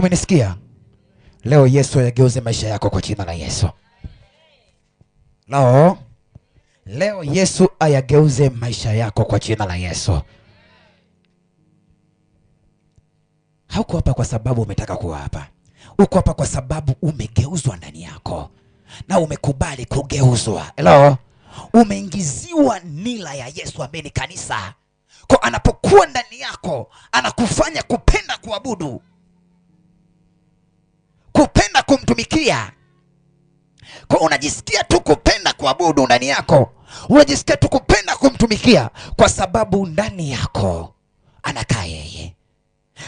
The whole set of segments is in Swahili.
Umenisikia? Leo Yesu ayageuze maisha yako kwa jina la Yesu. Leo, leo Yesu ayageuze maisha yako kwa jina la Yesu. Hauko hapa kwa sababu umetaka kuwa hapa. Uko hapa kwa sababu umegeuzwa ndani yako na umekubali kugeuzwa. Hello? Umeingiziwa nila ya Yesu, ameni kanisa. Kwa anapokuwa ndani yako, anakufanya kupenda kuabudu kumtumikia. Kwa unajisikia tu kupenda kuabudu ndani yako, unajisikia tu kupenda kumtumikia kwa sababu ndani yako anakaa yeye.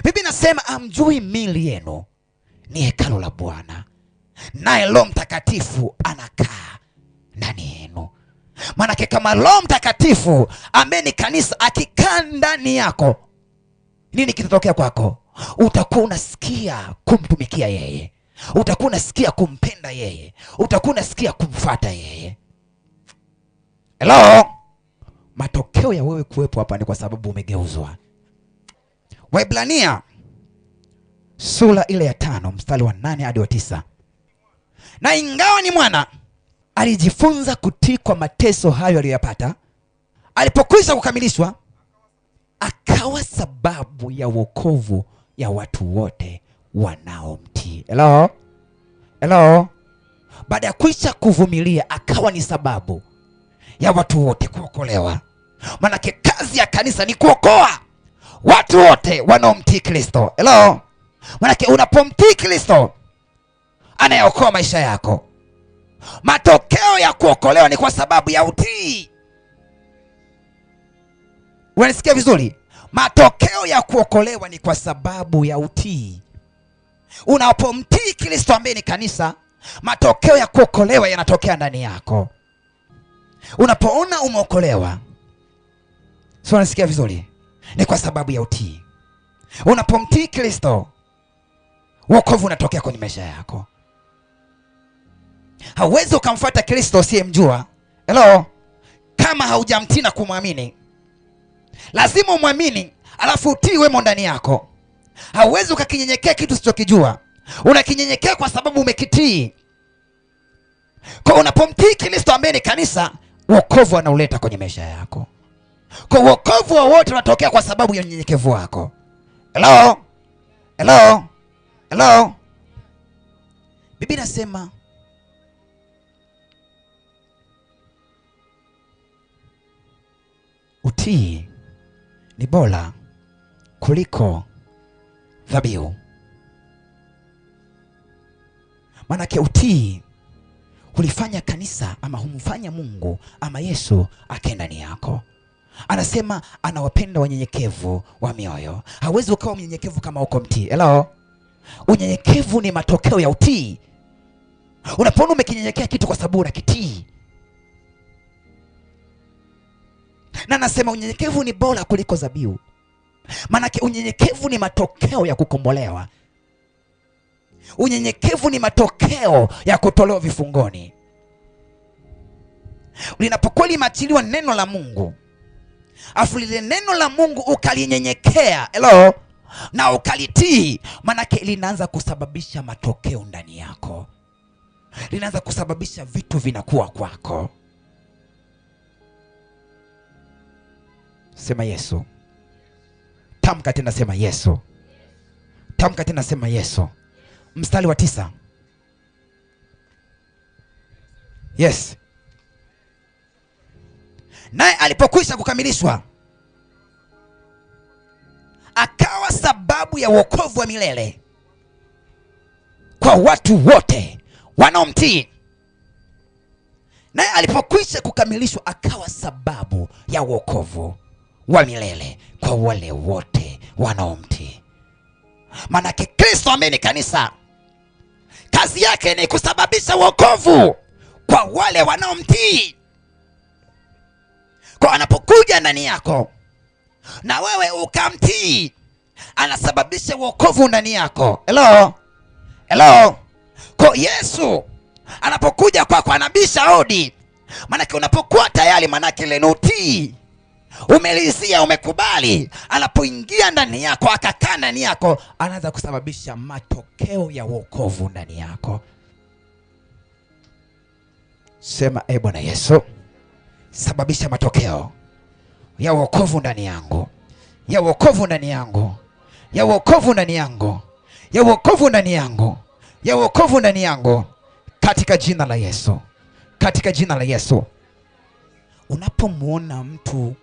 bibi nasema amjui mili yenu ni hekalo la Bwana, naye lo Mtakatifu anakaa ndani yenu. Maanake kama lo Mtakatifu ambaye ni kanisa akikaa ndani yako, nini kitatokea kwako? Utakuwa unasikia kumtumikia yeye utakuwa unasikia kumpenda yeye, utakuwa unasikia kumfata yeye. Hello, matokeo ya wewe kuwepo hapa ni kwa sababu umegeuzwa. Waibrania sura ile ya tano mstari wa nane hadi wa tisa na ingawa ni mwana alijifunza kutii kwa mateso hayo aliyoyapata, alipokwisha kukamilishwa akawa sababu ya wokovu ya watu wote wanaomtii. Hello? Hello? Baada ya kuisha kuvumilia akawa ni sababu ya watu wote kuokolewa. Manake kazi ya kanisa ni kuokoa watu wote wanaomtii Kristo. Hello? Manake unapomtii Kristo anayeokoa maisha yako. Matokeo ya kuokolewa ni kwa sababu ya utii. Unanisikia vizuri? Matokeo ya kuokolewa ni kwa sababu ya utii. Unapomtii Kristo ambaye ni kanisa, matokeo ya kuokolewa yanatokea ndani yako. Unapoona umeokolewa, sio, unasikia vizuri, ni kwa sababu ya utii. Unapomtii Kristo, wokovu unatokea kwenye maisha yako. Hauwezi ukamfuata Kristo usiyemjua. Hello, kama haujamtii na kumwamini, lazima umwamini, alafu utii wemo ndani yako. Hauwezi ukakinyenyekea kitu usichokijua, unakinyenyekea kwa sababu umekitii. Kwa unapomtii Kristo ambaye ni kanisa, wokovu anauleta kwenye maisha yako. Kwa wokovu wowote unatokea kwa sababu ya unyenyekevu wako. Hello? Hello? Hello? bibi inasema utii ni bora kuliko dhabihu. Maanake utii hulifanya kanisa ama humfanya Mungu ama Yesu akae ndani yako. Anasema anawapenda wanyenyekevu wa mioyo. Hawezi ukawa mnyenyekevu kama uko mtii. Hello, unyenyekevu ni matokeo ya utii. Unapoona umekinyenyekea kitu kwa sababu unakitii na anasema unyenyekevu ni bora kuliko dhabihu. Maanake unyenyekevu ni matokeo ya kukombolewa. Unyenyekevu ni matokeo ya kutolewa vifungoni. Linapokuwa limeachiliwa neno la Mungu, afu lile neno la Mungu ukalinyenyekea, hello, na ukalitii, maanake linaanza kusababisha matokeo ndani yako, linaanza kusababisha vitu vinakuwa kwako. Sema Yesu Tamka tena, sema Yesu. Tamka tena, sema Yesu. Mstari wa tisa. Yes. Naye alipokwisha kukamilishwa akawa sababu ya wokovu wa milele kwa watu wote wanaomtii. Naye alipokwisha kukamilishwa akawa sababu ya wokovu wa milele kwa wale wote wanaomtii. Manake Kristo ambaye ni kanisa, kazi yake ni kusababisha wokovu kwa wale wanaomtii. Kwa anapokuja ndani yako na wewe ukamtii, anasababisha wokovu ndani yako. Hello, hello. Kwa Yesu anapokuja kwako anabisha hodi, manake unapokuwa tayari, manake ile utii umelizia, umekubali, anapoingia ndani yako akakaa ndani yako, anaanza kusababisha matokeo ya wokovu ndani yako. Sema e Bwana Yesu, sababisha matokeo ya wokovu ndani yangu, ya wokovu ndani yangu, ya wokovu ndani yangu, ya wokovu ndani yangu, ya wokovu ndani yangu, katika jina la Yesu, katika jina la Yesu. Unapomwona mtu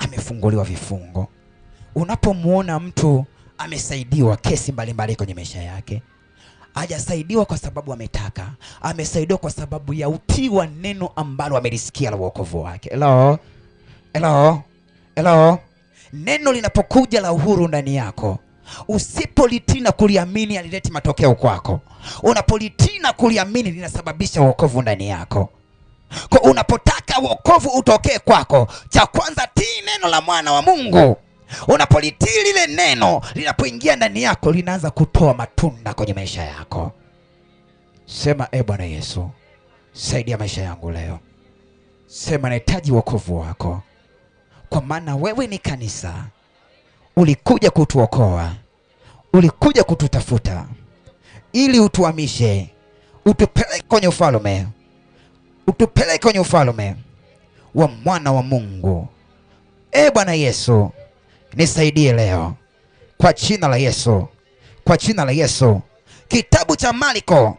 amefunguliwa vifungo. Unapomwona mtu amesaidiwa kesi mbalimbali kwenye maisha yake, hajasaidiwa kwa sababu ametaka, amesaidiwa kwa sababu ya utii wa neno ambalo amelisikia la wokovu wake. Hello. Hello. Hello. Neno linapokuja la uhuru ndani yako, usipolitii na kuliamini alileti matokeo kwako. Unapolitii na kuliamini linasababisha wokovu ndani yako. Kwa unapotaka wokovu utokee kwako, cha kwanza tii neno la mwana wa Mungu. Unapolitii lile neno, linapoingia ndani yako linaanza kutoa matunda kwenye maisha yako. Sema, e Bwana Yesu, saidia maisha yangu leo. Sema, nahitaji wokovu wako, kwa maana wewe ni kanisa, ulikuja kutuokoa, ulikuja kututafuta ili utuhamishe, utupeleke kwenye ufalme utupeleke kwenye ufalme wa mwana wa Mungu. E Bwana Yesu, nisaidie leo kwa jina la Yesu, kwa jina la Yesu. Kitabu cha Marko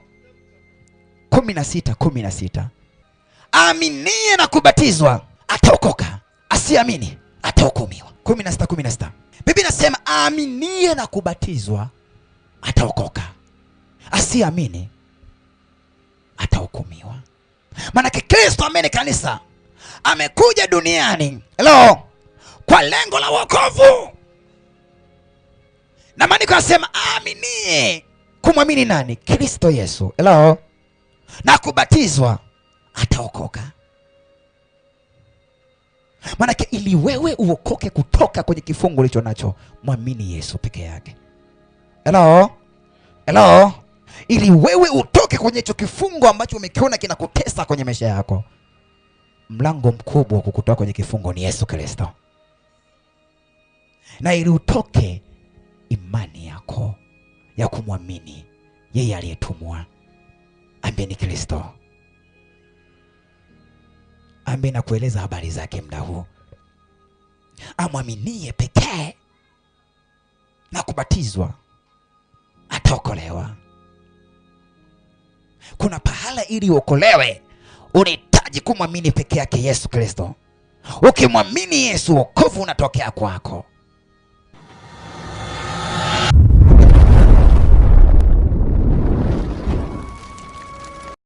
16:16 16. Aaminie na kubatizwa ataokoka, asiamini atahukumiwa. 16:16 16. Biblia inasema aaminie na kubatizwa ataokoka, asiamini Maanake Kristo ameni kanisa amekuja duniani hello, kwa lengo la wokovu, na maandiko yanasema aaminie, kumwamini nani? Kristo Yesu hello, na kubatizwa ataokoka. Maanake ili wewe uokoke kutoka kwenye kifungo ulicho nacho, mwamini Yesu peke yake hello hello ili wewe utoke kwenye hicho kifungo ambacho umekiona kinakutesa kwenye maisha yako. Mlango mkubwa wa kukutoa kwenye kifungo ni Yesu Kristo, na ili utoke, imani yako ya kumwamini yeye aliyetumwa, ambaye ni Kristo, ambaye nakueleza habari zake muda huu, amwaminie pekee na kubatizwa ataokolewa. Kuna pahala ili uokolewe unahitaji kumwamini peke yake Yesu Kristo. Ukimwamini Yesu, wokovu unatokea kwako.